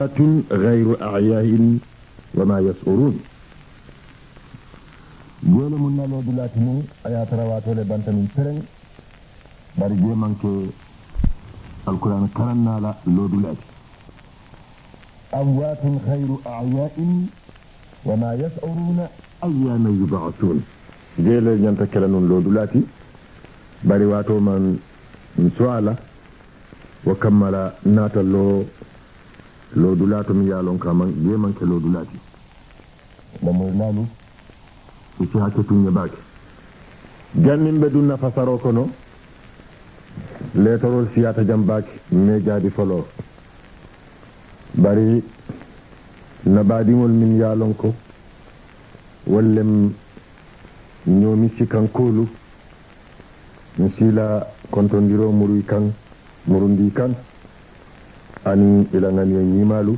غير أعياء وما يشعرون جيل من نالو بلاتني آيات رواتو من فرن باري جيمان كي القرآن كرنا لا لو بلاتي أموات غير أعياء وما يسؤرون أيام يبعثون جيل جنتا كلنون لو بلاتي باري واتو من سوالا وكمل ناتلو lodulato mi yalon kaman yemanke lodulati mamoylani isi hakke tunye bake jannin be dunna fasaro kono letorol siyata jam bake me jaadi folo bari nabaɗiŋol min yalon ko wallem ñoomi sikankoolu mi siila kontondiro muruy kan murundi kan ani ila ngani e ñiimaalu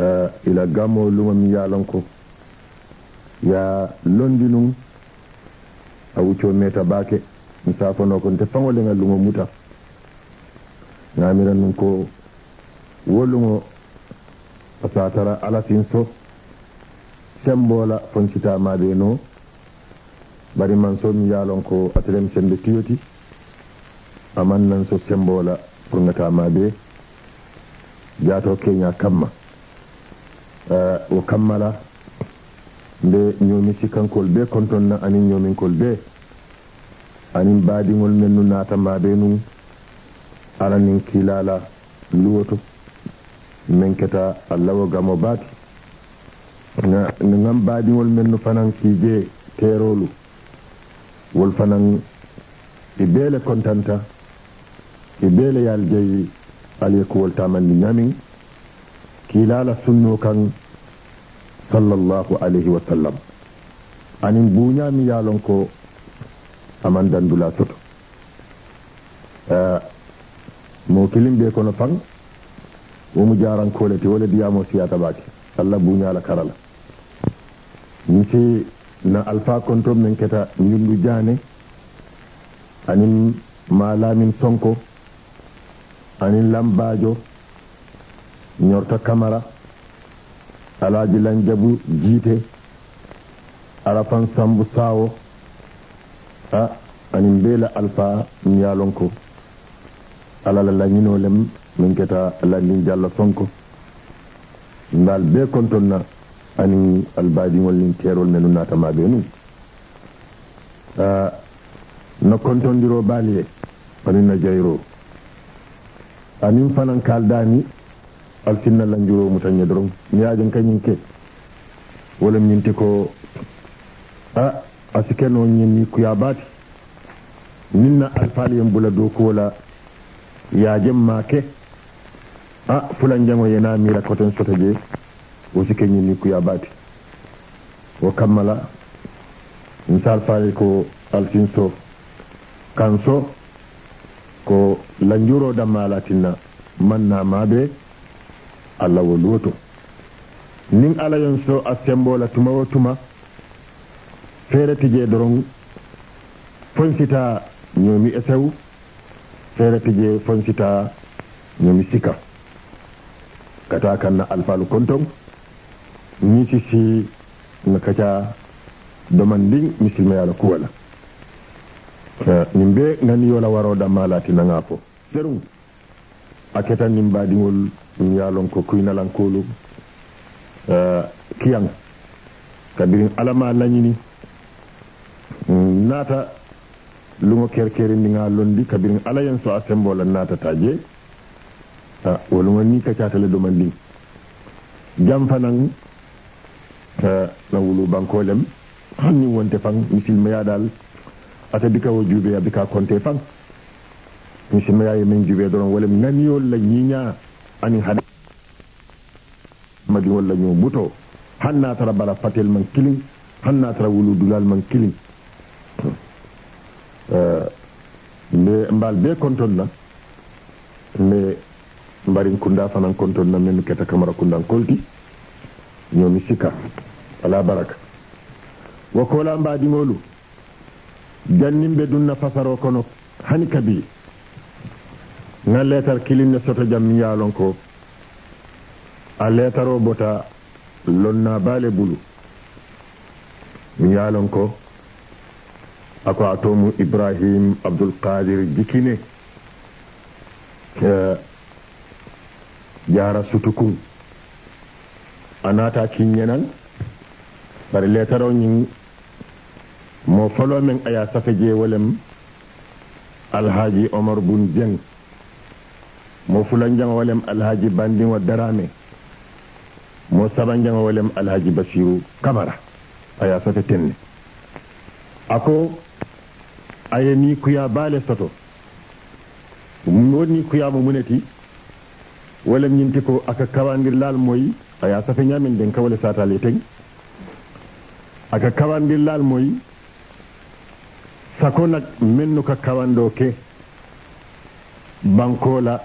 eh, ila gammo luma mi yaalonko ya londi nun a wuccoo meta baake mi saafanoo ko nte faŋo leŋal lumo muta ŋaamiran nun ko wo lumo a saatara alatin so semboola foncitaamaade noo bari man so mi yaalon ko atelem sembe tiyoti amannan so semboola forgataamaa bee jaato keña kamma eh, o kammala nde ñoomi sikkankol be kontonna anin ñoominkol be anin baadiŋol men nu naatamaabe nun aranin kiilala luwoto min keta allah wo gamo baati na ngam baadiŋol men nu fanan kiije teerolu wol fanan i beele kontanta i beele yaal jeyi ali ko wolta man ni ñamin kilala sunno kan sallallahu alaihi wa sallam anin bu ñami yalon ko aman dandula soto mo kilim be kono fan wo mu jaran koleti wala diyamo siyata baki allah bu ñala karala ni ci na alfa kontom men keta ñundu jane anin malamin sonko ani lambaajo ñorta kamara alaaji lanjabu jiite arafan sambu saawo a ani mbeela alpha miyalonko alala lañinolem min keta lanndin jalla sonko mbaal be konton na ani albaadiŋol nin teerol menu naatama ɓe nu no kontondiro baali e onin na jeyroo amin fanan kaldani altinnalla juromu tañe dron miyajen kañin ke wala minti ko a a sikeno ñinni kuya baati minna alfaaliyen bula dow kuwola yajen ma ke a fulan jango yena mira koten sota je wo sike ñinni kuya baati wo kammala misal faale ko altin so kan so ko lanjuroɗam malatinna mannamaɓe allah woluwo to nin ala yon so a sembola tuma wo tuma feere tije doron fonsita ñoomi esew feere tije fonsita ñoomi sika kata kanna alfalu konton ñisisi no kaca domandin misilma yaala kuwala min be nganiyo la waroɗa malati naga fo serum a ketanin mbadigol min yalon ko kuynalankolu kiyang kadirin alama nañini mm, naata lugo kerkerendiga londi kabirin alayen so a sembola naatata je wolugo ni kacatale domandin jamfanan na wulu bankolem hannin wonte fan misilma yaɗal ata bika wo jube bika konte fan mi sima yayi min jube don wala nani wala nyinya ani hada magi wala nyu buto hanna tara bala fatel man kilin hanna tara wulu dulal man kilin euh me mbal be konton na me mbarin kunda fanan konton na men keta kamara kundan kolti nyomi sika ala baraka wakola mbadi ngolu jannimɓe ɗum nafasaro kono hani kadi na leetar kilinne soto jam yaalon ko a leetaro bota lonna baale bulu mi yaalon ko ako a tomu ibrahim abdoulkadir jikine jaara sutukun a naata kiññenan bare leetaro ñin mo falomen aya saka jeewolem alhaaji omar bun dieng mo fula jangowolem alhaaji bandingo darame mo saba jangowolem alhaaji basiru kamara aya saka tenne ako ayani kuya baale soto woni kuyama muneti wala ñinti ko aka kawandir laal moyi aya safe ñamen den kawale satale teng aka kawandir laal moyi sakona mennu ka kawando ke bankola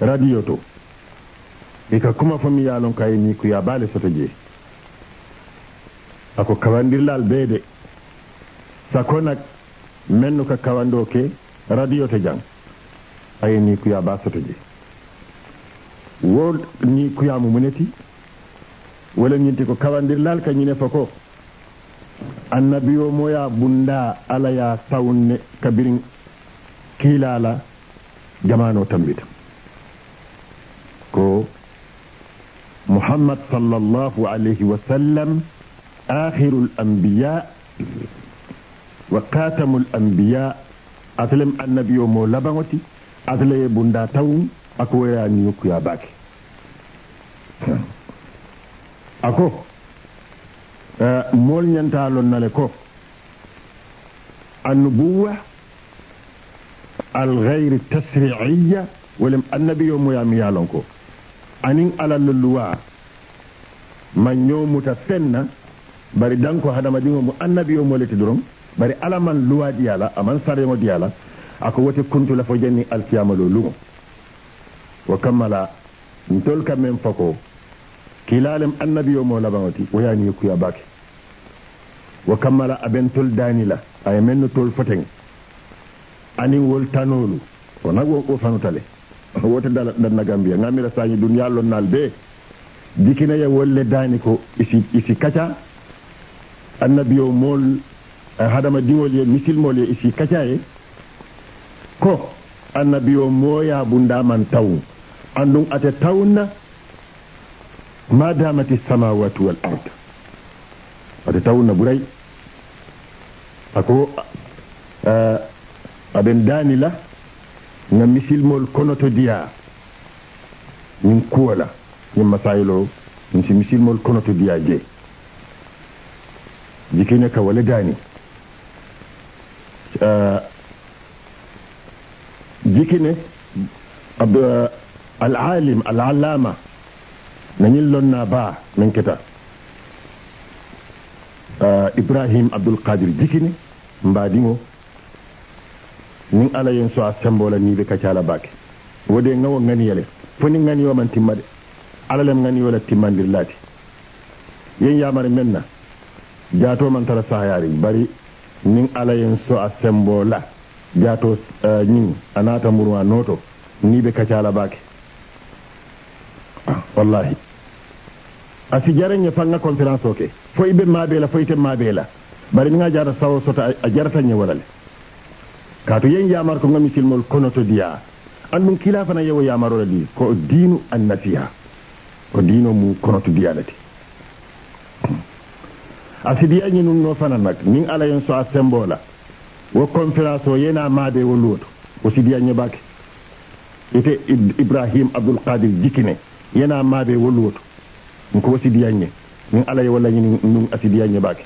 radio to ika kuma fo mi ye lon ka ye ni kuya soto je ako ko kawandirlal bede de sakona mennu ka kawando ke radio to jang a ye ni kuya baa soto je wo ni mu muneti wala ñinti ko kawandirlal ka ñine fako ko annabiyo moya bunda ala ya tawne kabirin kilala jamano tambita ko muhammad sallallahu alaihi wasallam akhirul anbiya wa katamul anbiya asalem annabiyo mo labaŋoti asalaye bunda tawni ako wera ñiñokkuya baake ako mool ñantaalon nale ko annubuwa algayri tasriiya wolem annabiyo moyami yalon ko anin alalla luwa ma ñoomuta fenna bari danko hadamadiŋo mu annabiyo moleti doron bari ala man luwa diyala aman sariŋo diyala ako wote kuntula fo jenni alkiyamalo luŋo wo kammala ntol ka men fo ko kilalem annabiyo mo labaŋoti wo ye niŋ kuya baake wo kamma la a ben tol daani la a ye meŋ nu tol foteŋ aniŋ wol tanoolu wo na wo fanuta le wo te danna gambiya ŋa dikina ye wol le daani ko isi isi kaca annabiyo mool hadamadiŋol ye misilmool ye isi kaca ye ko annabiyo mooyaa bundaa man taw andun ate tawnna ما دامت السماوات والأرض فتتونا بري أكو آه، أبن داني له نمثل مول كونوتو ديا من كولا من مسائلو نمثل مول كونوتو ديا جي جيكينا كوالا داني آه، جيكينا آه، العالم العلامه nañin lonna baa min keta ah, ibrahim abdoul kadir jikine mbaadiŋo niŋ ala yen soa sembola nii be kacala baake wo de ŋawo ŋaniyale foni ŋaniyo man timma de ala lem ŋaniyo la timmandirlaati yen yamare men na jaato man tara sahayaari bari niŋ ala yen so a sembo la jaato ñiŋ a naata muruma nooto nii be kacala baake wallahi ah, asi jarañe fanga conférence o ke fo iɓe maaɓe la fo ite maaɓe la bari nga jara sawo sota a jarata ñe wala le kaatu yen yamar ko ngami silmol kono to diya an ɗum kila fana yewo la ɗi ko diinu annasiha ko diino mu kono to diyalati a sidiyañi num no fana nak nin ala yen so a la wo conférence o yena maaɓe wo luwoto o sidiyañe baake ite ibrahim abdoul kadir jikine yena maaɓe wo luwoto nko wasidianye min alay walla ñin ndum asidianye baake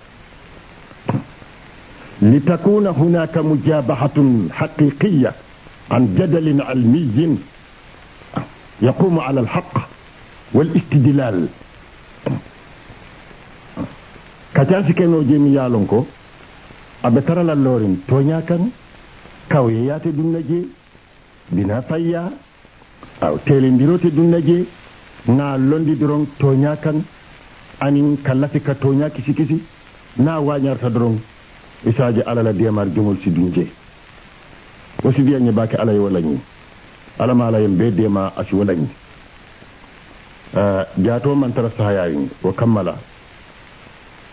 litakuna hunaka mujabahatun haqiqiya an jadalin almiyin يقوم على الحق والاستدلال كاتان سي كانو جيمي يالونكو ابي ترى لورين تونيا كان كاوي ياتي دون نجي بنا فيا او تيلين ديروتي دون na dron toña kan anin kallafi ka toña kisi kisi na ta dron isaji alala demar jumul si dun je o si baki alay alaye walla ñi alamala yen be dema asi wala ñi jato eh, mantara sahayayin o kammala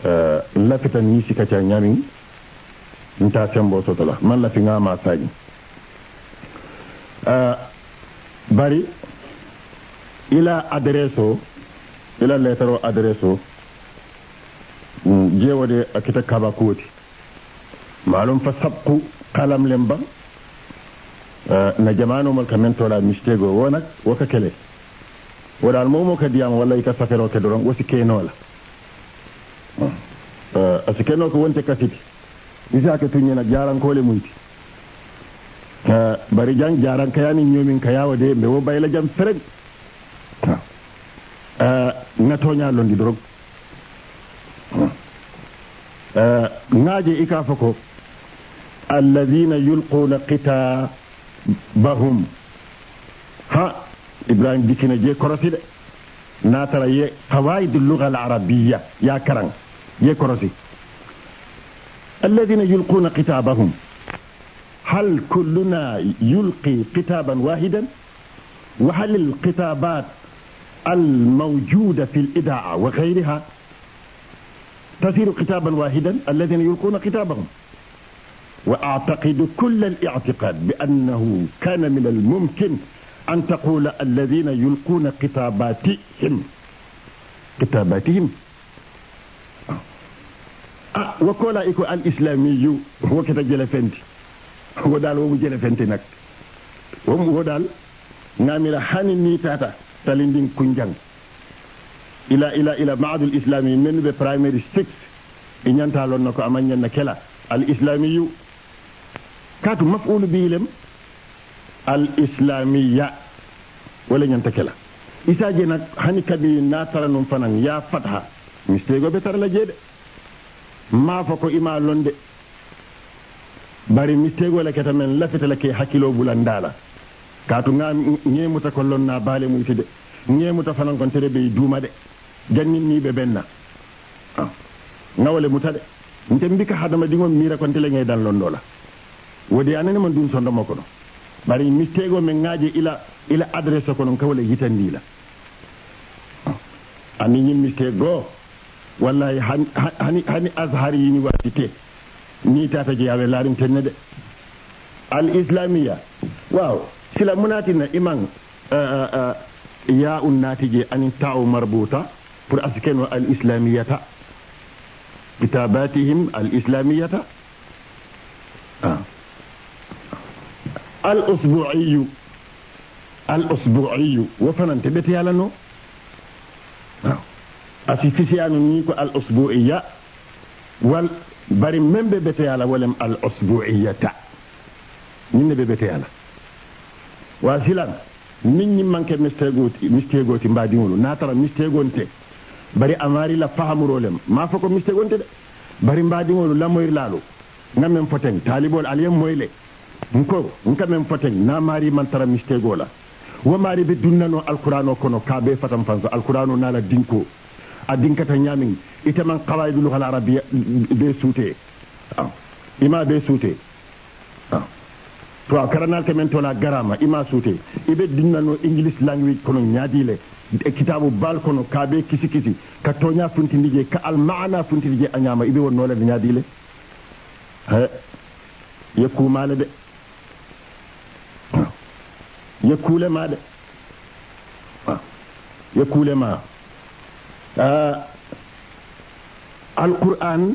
eh, lafitan ni sikaca nyami nta sembo sotola man lafi ma saji eh, bari ila adreso ila letaro adreso mm, jewode a kita kaba kooti malum fa sabku kalam lemba eh, na jamanomal mal kamen tola mistego wonak woka kele mo mo ka am wala ika safero ke doron wosi kenola eh, a keno ko wonte kasiti na jaran kole muiti eh, bari jang jarankayani ñomin kayawa de mbe wo bayla jam sereg na toñalondi dorog ŋaaje i kaa fo ko alladina yulquna qitabahum ha ibrahim dikina je korosi de naatara ye qawaidu lluga alarabiya ya karan ye korosi alladina yulquna qitabahum هل كلنا يلقي كتابا واحدا وهل الكتابات الموجودة في الإذاعة وغيرها تسير كتابا واحدا الذين يلقون كتابهم وأعتقد كل الاعتقاد بأنه كان من الممكن أن تقول الذين يلقون كتاباتهم كتاباتهم آه وكولا إكو الإسلامي هو كتاب جلفنتي هو دال wo dal womu jele fenti nak womu talindin kunjang ila ila ila maadul islami men be primary 6 e nyantalon nako amanyan na kela al islamiyu katu maf'ul bi lem al islamiyya wala nyanta kela isa je nak hani kadi na taranum fanan ya fatha mistego be tarla jede ma fa ko ima londe bari mistego la ketamen lafita la ke hakilo bulandala kaatu ga ñemuta ko lonna baale mum fi de ñemuta fanankontere ɓe duuma de janninniɓe benna ah. ŋawale muta de nte mbika hadamadiŋo miira kontele ŋe dan londola wodi anani man dun sondomo kono bari mistego men ŋaaje ila ila adresse kono kawale yitandila ani ah. ñin mistake goo wallahi hani, hani, hani azhar université ni tata jeyawe laarim tenne de al islamia waaw sila munati na iman ya'un natije anin ta'u marbuta pur askeno al islamiyata kitabatihim al islamiyata al usbu'iyyu al usbu'iyyu wo fanante beti yalano asifisi fisiyanu ni ko al usbu'iyya wal bari membe beti yala walem al usbu'iyata minne be beti yala wa filan min ñi manke mistegoti mistegoti mbadi wulu natara mistegonte bari amari la fahamurolem ma fako mistegonte de bari mbadi wulu la moyir lalu ngamen foten talibol aliyam moyle nko ngamen foten na mari man tara mistegola wa mari be dunnano alqur'ano kono kabe fatam fanso alqur'ano nala dinko a dinkata ñamin ite man qawaidul arabiyya be suute ima be suute to a karanalke men tola garama ima ibe iɓe no english language kono nyadile e kitabu bal kono kaaɓe kisi kisi ka toña funtidi je ka almana funtidi je a ñama iɓe won noolede ñaadile he yekkumale de yekkule ma de yekkule ma ah, alquran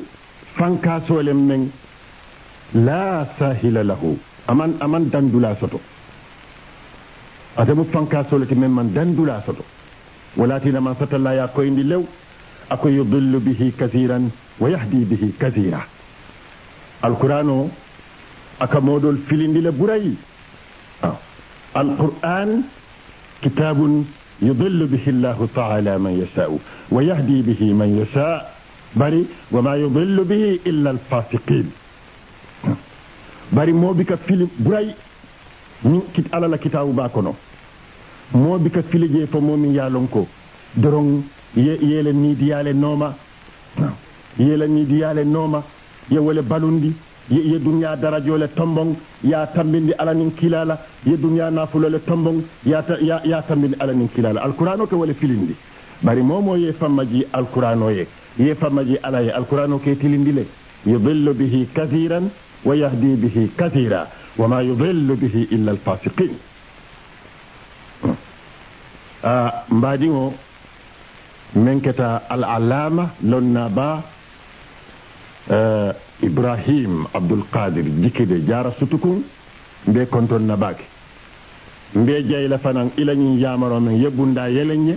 fankasolem men la sahila lahu aman aman dandula soto adamu fanka solati men man dandula soto walati lama satalla ya koyndi lew ako yudillu bihi kathiran wa yahdi bihi kathira alquran o aka moɗol filindile ɓurayi alquran kitabun يضل به الله تعالى من يشاء ويهدي به من يشاء بري وما يضل به إلا الفاسقين bari mobi ka fili buray ni kit alala kitabu ba kono mobi ka fili je fo momi yalon ko dorong ye yele ni diyale noma yele ni diyale noma ye wala balundi ye dunya darajole tombong ya tambindi alanin kilala ye dunya nafulole tombong ya ya, ya tambindi alanin kilala alqur'ano ke wala filindi bari momo ye famaji o ye ye famaji ala ye alqur'ano ke tilindile yudillu bihi kathiran ويهدي به كثيرا وما يضل به إلا الفاسقين آه مبادئ من كتا العلامة لنا با آه إبراهيم عبد القادر جكد جارة ستكون بي كنتون نباك بي جاي لفنان إلاني يامر من يبون دا يلني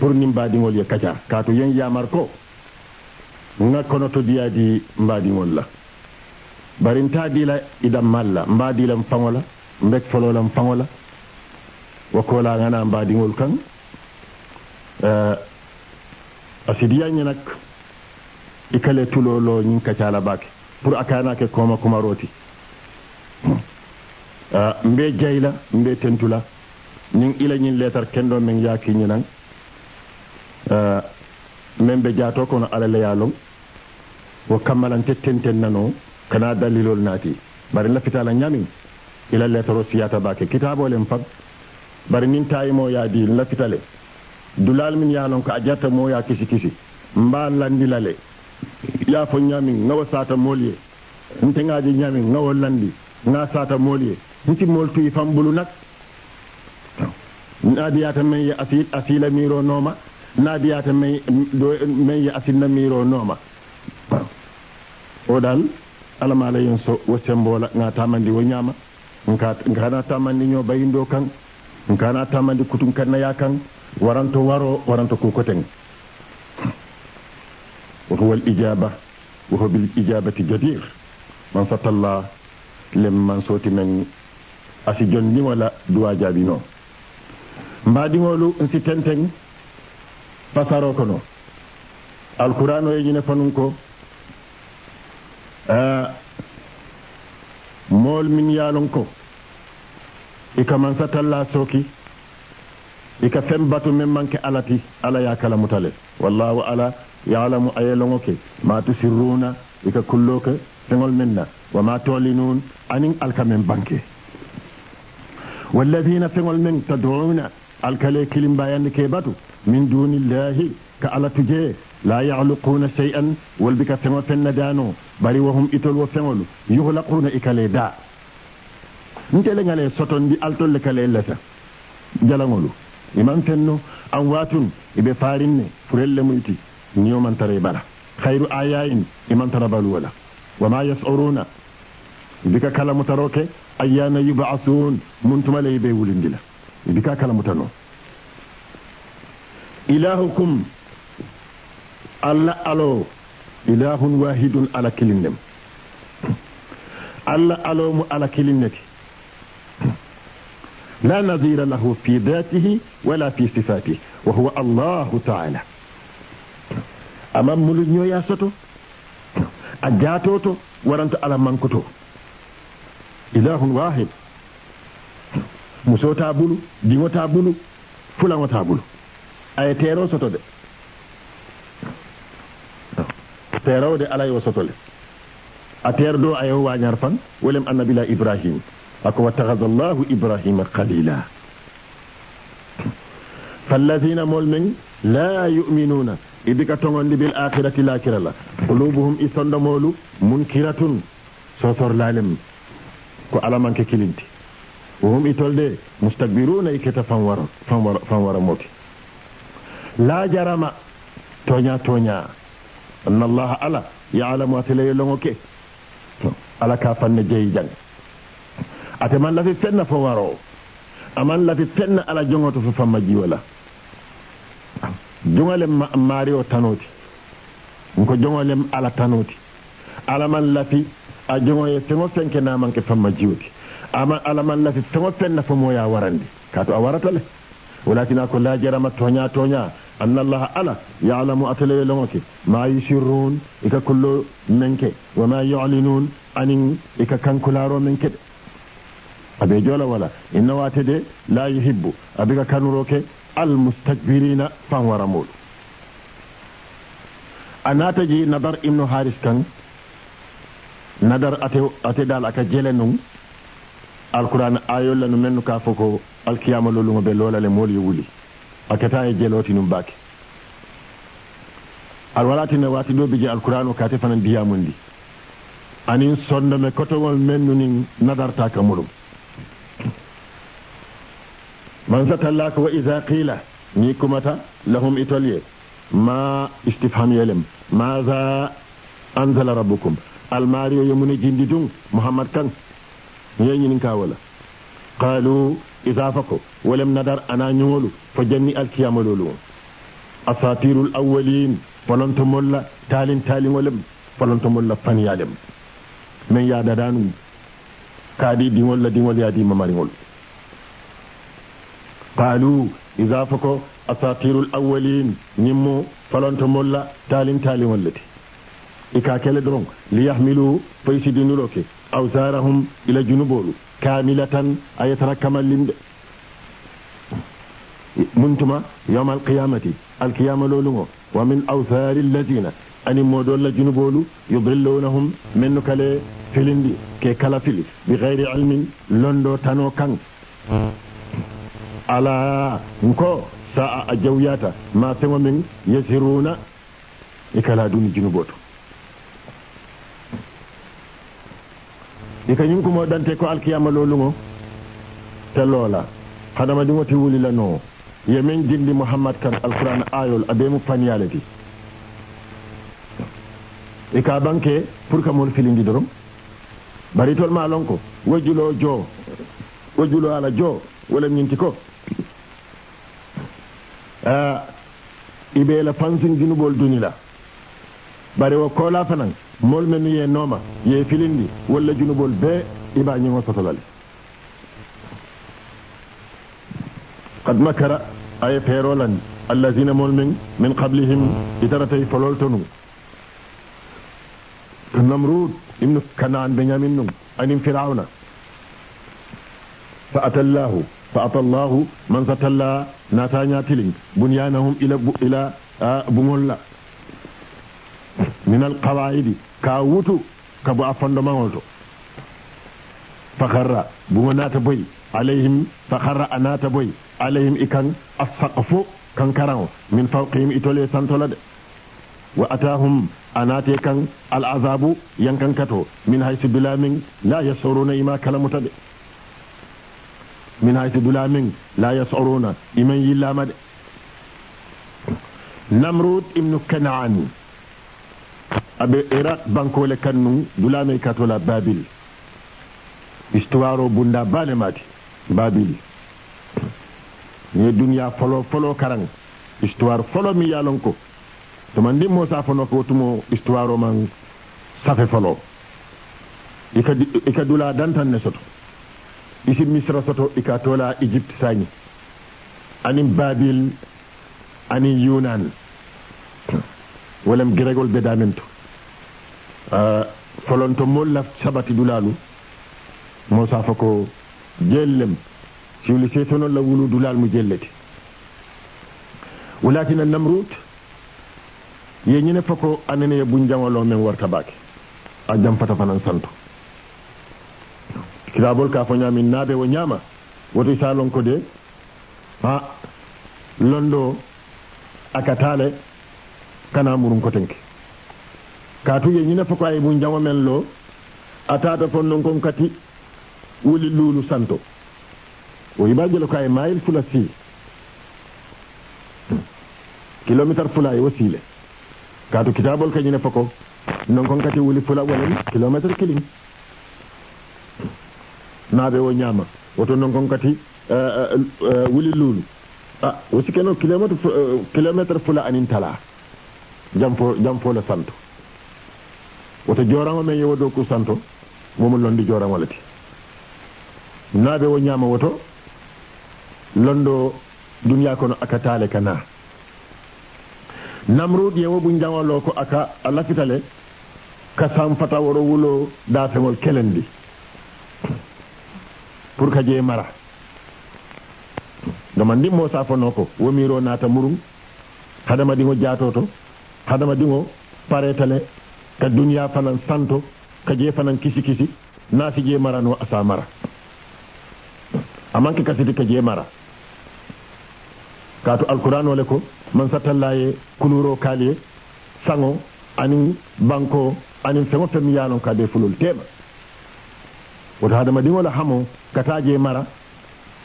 pour ni mbaadiŋol ye kaca kaatu yen yamar ko nga konoto diyaadi mbaadiŋol la barinta dila idam malla mba dilam faŋola mbek fololam faŋola wo kolaŋana mba diŋol kaŋ eh, a sidiyaña nak i kale tulolo ñiŋ kacala baake pour a kanake koma kumaroti eh, mbe jayla mbe tentula ñiŋ ila ñiŋ letar kendo meŋ yakiñinaŋ eh, meŋ be jato kono alalayaloŋ wo kammalante tenten nano kana daliilolnaati bari la fitaala ñamin ila letoro siyata baake kitaabolen fab bari nin taayimo yaadi la fitale dulaal min yaa lon ko a jarta mooya kisi kisi mba lale yaa fo ñamin ŋawo saata mool ye nteŋaaji ñamin ŋawo landi ŋa saata mool ye nti mool tuyi bulu nak naadiyaata men ye asi asiila miiro nooma naadiyaata men men ye asinna miiro nooma o daal ala ma layin so wo sembola nga tamandi wo ñama nka na tamandi ño bayindo kan nka na tamandi kutun kan ya kan waranto waro waranto ku koten wa huwa al ijaba wa huwa bil ijabati jadir man satalla lem man soti men asi jonni wala duwa jabino mbadiŋolu nsi tenteŋ pasaro kono alkurano yejine fanun ko mool min yaalon ko i ka mansa talla soki i ka fen batu min manke alati ala ya kalamuta le wallahu ala yalamu a ye loŋo ke ma tusirruna i ka kullo ke feŋol min na wa ma tolinun aniŋ alka min banke walladina feŋol min taduna alkale kilimbayandi ke batu min dunillahi ka ala tuje la yakhluquna shay'an wol bi ka feŋo fen na daano bari wahum itol wo feŋolu yuhlaquna i kale da ntele ŋale sotondi altol le kale leta jalaŋolu iman fenno an watun ibe farin ne furel le muyti niyo man tare bala khairu ayayin iman tara balu wala wama yas'uruna bika kala mutaroke ayyana yub'asun muntuma le be wulindila bika kala mutano ilahukum alla alo ilahun wahidun ala kilindem allah aloomo ala kilinneti la nadira lahu fi datihi wala fi sifatihi wa huwa allahu taala aman mulu ñoya soto a jatoto waranta ala mankoto ilahun wahid musota bulu diŋota bulu fulaŋota bulu aye teero soto de te rewde alay o sotole a terdo a yew wañar fan wolem annabila ibrahima ako wattahada llahu ibrahima qalila fallazina mol men la yuminuna idi ka togondi bil akhirati lakirala qulubuhum i sondomolu munkiratun sotorlalem ko alamanke kilinti wohum i tolde mustakbiruna i keta fanwara fanwara moti la jarama toña toña anna allaha ala ya'lamu atele longo ke ala ka fanne jeyi jang ate man lati fenna fo waro aman lati fenna ala jongoto fo famma jiwala jongolem maari o tanoti ko jongolem ala tanoti ala man lati a jongoye feŋo fenke namanke famma jiwoti ama ala man lati feŋo fenna fo moya warandi kato a warata le walatina ko la jarama toña toña annallaa ala yaala mu'atala yoo ke maa yi sirruun i ka kulloo menke wa maa yoclinuun anin i ka kankulaaroo menkedha. abe joolla wala inni waate de laa yi hibbu abe ka kanrooke al mustaqbiriina fan wara mool. anaata jii nadar imnu haris kan nadar ate daal akka jele nu alqur aayol lanu mennukaa fokoo alkiyaamu lolu nga loolale mool yi wuli. akata e jeloti num bake al walati ne wati do bije alquran ka te fanan diyamundi anin sonda me kotowol men nunin nadarta ka mudum man satallaka wa idha qila ni kumata lahum itoliye ma istifham yelem ma za anzala rabbukum al mariyo yomuni jindi dun muhammad kan yeñinin ka wala قالوا إذا فقوا ولم ندر أنا نولو فجني الكيام لولو أساطير الأولين فلنتم الله تالين تالين ولم فلنتم الله علم من يعددان كادي دين ولا دين ولا دين ممارين قالوا إذا فقوا أساطير الأولين نمو فلنتم الله تالين تالين والتي إكاكالي درون ليحملوا فيسدين لوكي أوزارهم إلى جنوبولو كاملة أي يتركم منتما يوم القيامة القيامة لولو ومن أوثار الذين أن مودول لجنبولو يضلونهم من كلا فيلندي كي كلا فيلي بغير علم لندو تانو كان على نكو ساعة أجوياتا ما تمو من يسيرون إكالا دون جنبوتو i kañum kumo ɗante ko alkiyama lolugo te loola hadamadi woti wulilanowo yo min jindi mouhammad kan alqurana ayol abemu paniyaleti e ka banque pour kamol filindi dorom baritol ma lon ko wojjulo joo wojjulo ala joo wala ñinti ko a ah, iɓeela fansin ginuɓol dunila bari wo kola fanan mol men ye noma ye filindi wala junubol be iba ñingo sotolal qad makara ay feerolan allazina mol men min qablihim itaratay folol namrud ibn kanan benyamin num anim firawna فأتى الله فأتى الله من ستلا ناتانيا تلين بنيانهم إلى إلى بمولا minal qawaidi ka wutu ka bo a fondement o to fakarra bugo naata boyi alayhim fakarra a naata boyi alayhim i kan a saqfo kan karan min fawqihim itole santola de wa atahum a kan al azabu yankan kato min haysu dulamin la yasoruna ima kalamuta de min haysu dulamin la yasoruna iman yillama de namrud ibnu kanaan aɓe irak bankole kannu dulamei katola babil histoire o bunda bane mati babil mi duniya folo folo karan histoire folo mi yalon ko toma ndin mosa fonoko wotumo histoire o man safe folo ika dula dantan ne soto isi misra soto ika tola égypte sañi anin babil anin yunane wolem giregol bedamen to folonto mol laf sabati dulalu mo safa ko jellem siwli seytonol la wulu dulal mu jellete wulatina namrut ye ñine fa ko anene ye buñ jangolo men warta baake a jam fata fanan santo kitabol ka fo ñamin naabe wo ñaama woto salon ko de ha londo akatale kana murun tenki ka tu fo ko ay bu jamo men lo a tata fon non kon kati wuli luulu santo o yiɓa jelo ko ay mayil fula si hmm. kilomitre fula wo siile katu kitabol kañine nyina fako non kon kati wuli fula walan kilomitre kilin hmm. naaɓe o ñaama woto non kon kati eh, eh, eh, wuli luulu a ah, wo sikeno kilometer kilometer fula anin tala jampo jamfoole santo woto jorama men yewo dow ku santo momo londi jorama lati naaɓe wo ñama woto londo duniya kono aka taale ka na namrud yewo ɓum jangolo ko aka a lafitale ka samfata woro wulo dafeŋol kelendi pour ka jee mara gama ndimmo safono ko womiro naata murum hadama ɗimo jaato to hadama dingo paretale ka duniya fanan santo ka je fanan kisi kisi nasi je no asa mara amanke kasiti ka je mara kaatu alkurano le ko man sattallaye kuluro kaaliye sango ani banko ani feŋo fe mi yanon ka be fulol tema woto hadamadiŋo la hamo kata je mara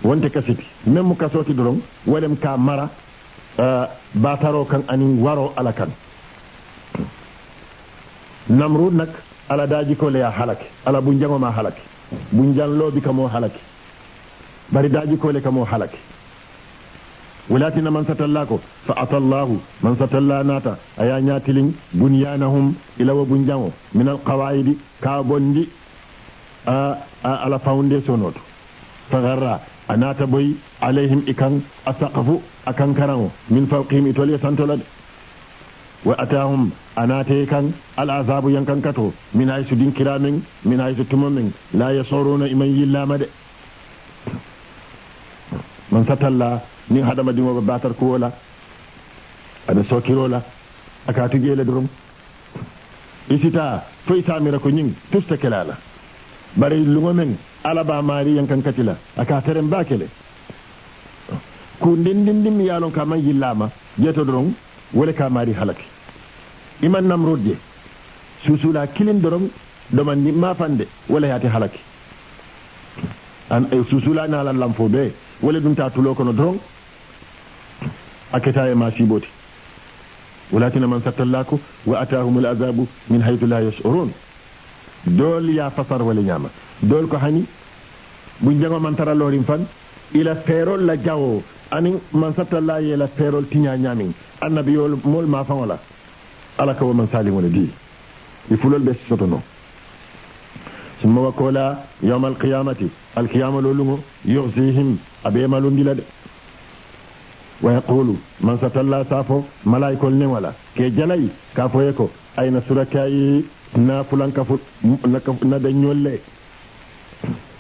wonte kasiti meŋ mu ti doroŋ walem ka mara uh, bataro kan anin waro ala kan namrud nak ala ko le halake ala njangoma bu halake bi kamo halake bari le kamo halake walatina man satalla ko fa atallahu man satalla nata aya ñatilin bunyanahum wa bunjango min alqawaidi ka bondi a, a ala foundation oto fa anata boy alayhim ikan asaqafu akan karango min fawqihim itol yesantolade wa atahum anate kan al'azabu yankan kato min haisu din kiramin min haisu tumamin la ya sauro na iman yi lamade man satalla nin hadama dimo ba batar kuwola ada la aka tugela durum isita fo itamira ko ñing tusta kelala bari lungo men alaba mari yankan katila aka teren bakele ku ndindindim yalon ka man yillama jeto doron wole ka mari halaki iman namrud je susula kilin dorom domandi mafande wala yati halaki an ay eh, susula na lan lamfo be wala dum ta tulo kono dorom aketa e masiboti ولكن من ستلاكو وأتاهم العذاب من حيث لا يشعرون دول يا فصر ولا نعمة دول كهني بنجمع من ترى لورين فن إلى فيرول لا جاو أنين من ستلا إلى فيرول تنيا نعمين النبي مول ما فعلا alaka wo man sali wona di i fulol be sotono summa wa kola yawma alqiyamati alqiyama lolungo yuhsihim abe malundila de wa yaqulu man satalla safo malaikol ne wala ke jalay ka foye ko ayna surakai na fulanka fu na da nyolle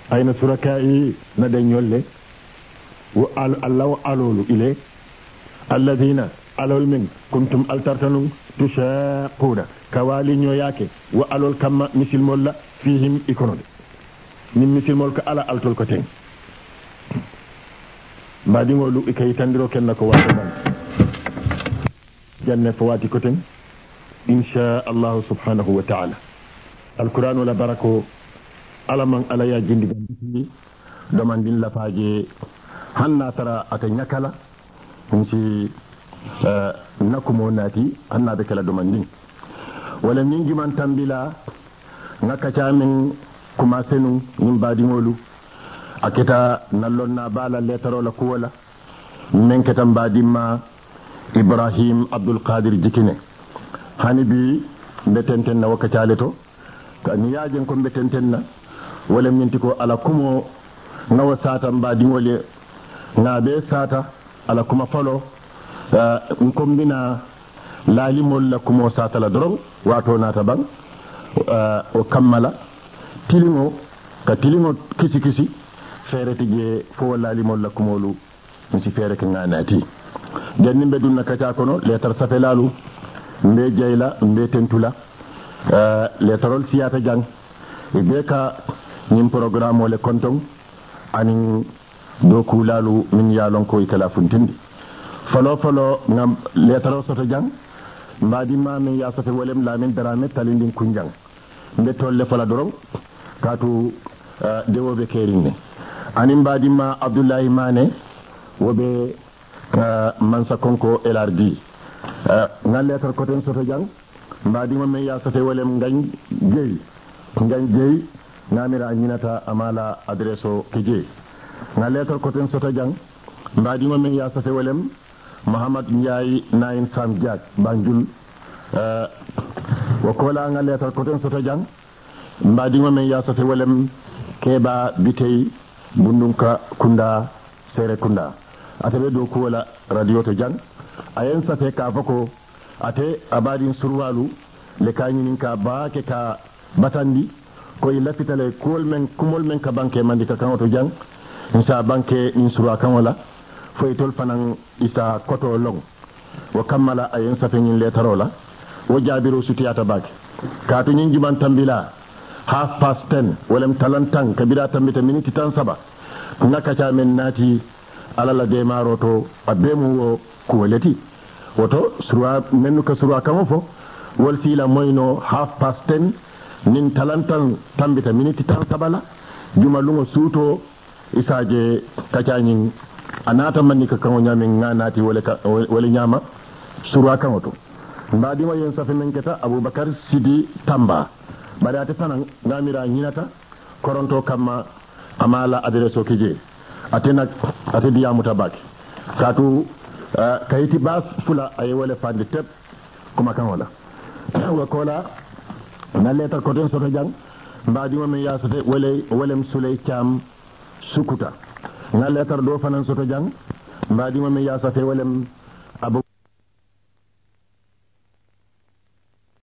ayna surakai na da nyolle wa allahu alolu ile alladhina alol min kuntum altartanum tushaquuna kawali ñoyaake wo alol kamma misilmol la fihim ikonode min misilmol ko ala altol ko ten mbaɗiŋolu e kay kenna ko wato man janne fo wati ko ten inchallahu subhanahu wa taala alqouran ola bara ko alaman alaya jindigandi domandin lafaje hanna tara ata ñakala ɗum Eh, na kuma nakumo naati hannaɓe kela domandin wala min giman tambila ŋakkaca min kuma senu min baadiŋolu a keta ba na baala la kuwola min ketan ma ibrahim qadir jikine hani bi tenten na wakkacale ka ni yaajen ko tenten na wala minti ko ala kuma kumo ŋawo satan baadiŋole na be sata ala kuma falo nkombina laalimol la kumo satala doron wato nata ban o kammala tiliŋo ka tiliŋo kisi kisi feereti je fo laalimol la kumolu misi fere ke ŋa naati janni mbe dunna kaca kono letar safelaalu mbe jeyla mbe tentula letarol siyata jang e be ka ñin programme ole konton anin do kuulaalu min yaalon ko i kala funtindi folo folo ngam letaro soto jang mbadi mamin yasote wolem lamin darame talindin kunjang nde tolle fala dorong katu uh, dewoɓe kerinne ani mbadi ma abdoullahi mane woɓe uh, mansa konko elardi uh, ngan letar koten soto jang mbadi mamin yasote wolem gañ jeeyi gañ jeeyi ngamira ñinata amala adresse o ke jeeyi ngan letar koten soto jang mbadi mamin yasote wolem mouhamad ndiaye nayin sam diak banjul eh, nga kolaga lettere koten soto jang mbadima men yasote wolem keɓa bitey bundunka kunda sere kunda ataɓe dow kuwola radio to jang ayen sate ka fo ate abadin surwalu le kañinin ka baake ka batandi koye lafitale kuwol men kumol men ka banque mandi ka kaŋo to jang sa banque nin surwa foytol fanan isa koto long wo kammala a yen safeñin letaro la wo jaabiro sutiyata baake kaatu ñin juman tambila half past ten walem talan tan kabira tambita miniti tan saba ngakaca men naati ala la demaro to a bemu wo kuwoleti woto surwa mennu ka surwa kamo fo wol siila moyno half past ten nin talan tambita miniti tan saba la juma lungo suuto isaaje kacañin ta manni ka kan wani nganati wala ka wale nyama surwa kan wato ba ma yen safi nan keta abubakar sidi tamba da ta tana ngamira yinata koronto kama amala adreso kije diya muta baki. katu uh, eh, kayiti bas fula yi wale fadi tep kuma kan wala wa kola na leta ko den so jang mbadi ma men yasate wala walem sulay cham sukuta nga leetar doo fanan soto jang mbaadi di mi yaasa fe walem